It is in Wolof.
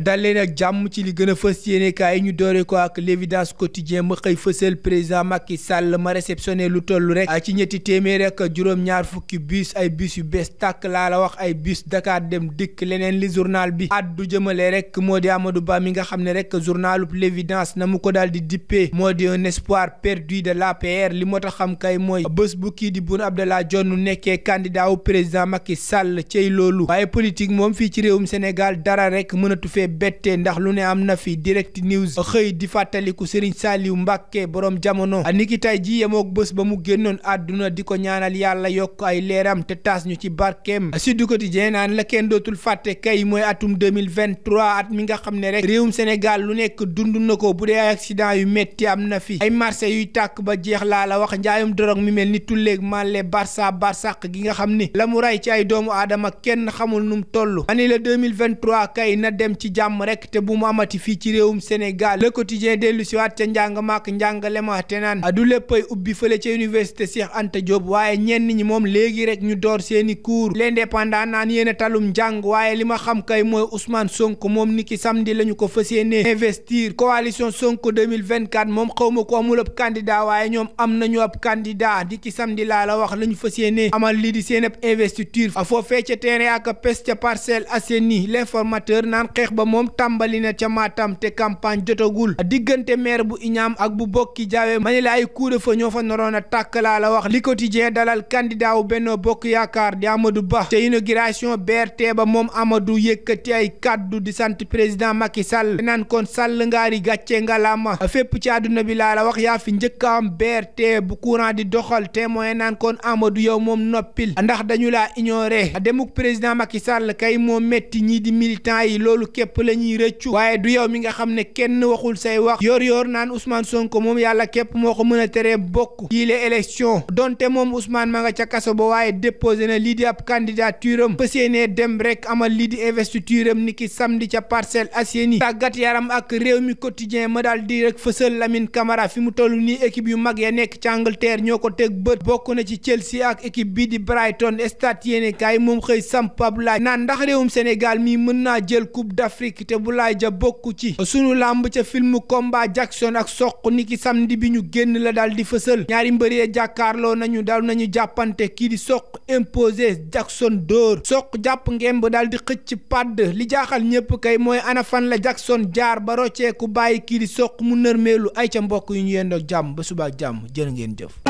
dal leen ak jàmm ci li gën a fës yéenekaay yi ñu doore ko ak l'évidence quotidien ma xëy fësal président Macky Sall ma réceptionné lu toll rek ci ñetti téeméer ak juróom-ñaar fukki bus ay bus yu bees tàkk laa la wax ay bus Dakar dem dikk leneen li journal bi addu jëmale rek moo di amadu Ba mi nga xam ne rek journalub l'évidence na mu ko daal di dippee moo di un espoir perdu de la l'APR li moo tax xam kay mooy bés bu kii di Boun Abdallah Dionne nekkee candidat wu président Macky Sall cey loolu waaye politique moom fii ci réewum Sénégal dara rek boobee bettee ndax lu ne am na fi direct news xëy di fàttaliku Serigne Saliou Mbacke boroom jamono niki tey ji yemook bés ba mu génnoon àdduna di ko ñaanal yàlla yokk ay leeram te taas ñu ci barkeem di Quotidien naan la kenn dootul fàtte kay mooy atum 2023 at mi nga xam ne rek réewum Sénégal lu nekk dund na ko bu dee ay accident yu metti am na fi ay marché yuy tàkk ba jeex laa la wax njaayum dorog mi mel ni tulleeg màlle barça barsàq gi nga xam ni la mu rey ci ay doomu aadama kenn xamul toll jàmm rek te bu mu amati fii ci réewum Sénégal le quotidien dellu siwaat ca njàng maak njàngale ma te naan du léppay ubbi fële ca université Cheikh Anta Diop waaye ñenn ñi moom léegi rek ñu door seeni cours l'indépendant naan yéen a talum njàng waaye li ma xam kay mooy Ousmane Sonko moom niki samedi la ñu ko fas yéenee investir coalition Sonko 2024 moom xawma ko amul ab candidat waaye ñoom am nañu ab candidat di ki samedi a la wax la ñu fas amal lii di moom tàmbali na ca Matam te campagne jotagul diggante maire bu Iñaam ak bu bokki jaawe ma ne la ay coup de ñoo fa naroon a tàkk laa la wax li ko quotidien dalal candidat wu benn Bokk Yaakaar di Amadou Ba te inauguration BRT ba moom Amadou yëkkati ay kàddu di sant président Macky Sall naan kon Sall ngaari gàcce ngalaama fépp ci àdduna bi laa la wax yaa fi njëkk am BRT bu courant di doxal témoin naan kon Amadou yow moom noppil ndax dañu laa ignoré demuk président Macky Sall kay lépp la ñuy rëccu waaye du yow mi nga xam ne kenn waxul say wax yor yor naan Ousmane Sonko moom yàlla képp moo ko mën a teree bokk yii la élection donte moom Ousmane ma nga ca kaso ba waaye déposé na lii di ab candidature am fas yéenee dem rek amal lii di investiture am niki samedi ca Parcelles Assainies tàggat yaram ak réew mi quotidien ma daal di rek fësal Lamine Camara fi mu toll nii équipe yu mag ya nekk ci Angleterre ñoo ko teg bët bokk na ci Chelsea ak équipe bi di Brighton stade yéene kaay moom xëy samp ab naan ndax réewum Sénégal mi mën naa jël coupe d'Afrique te Boulaye Dia bokk ci sunu làmb ca filmu komba Jackson ak soq niki samedi bi ñu génn la daal di fësal ñaari mbër yee jàkkaarloo nañu daal nañu jàppante kii di soq imposé Jackson dóor soq jàpp ngemb daal di xëcc padd li jaaxal ñëpp kay mooy ana fan la Jackson jaar ba rocceeku bàyyi kii di soq mu nërmeelu ay ca mbokk yu ñu yendoog jàmm ba subaak jàmm jël ngeen jëf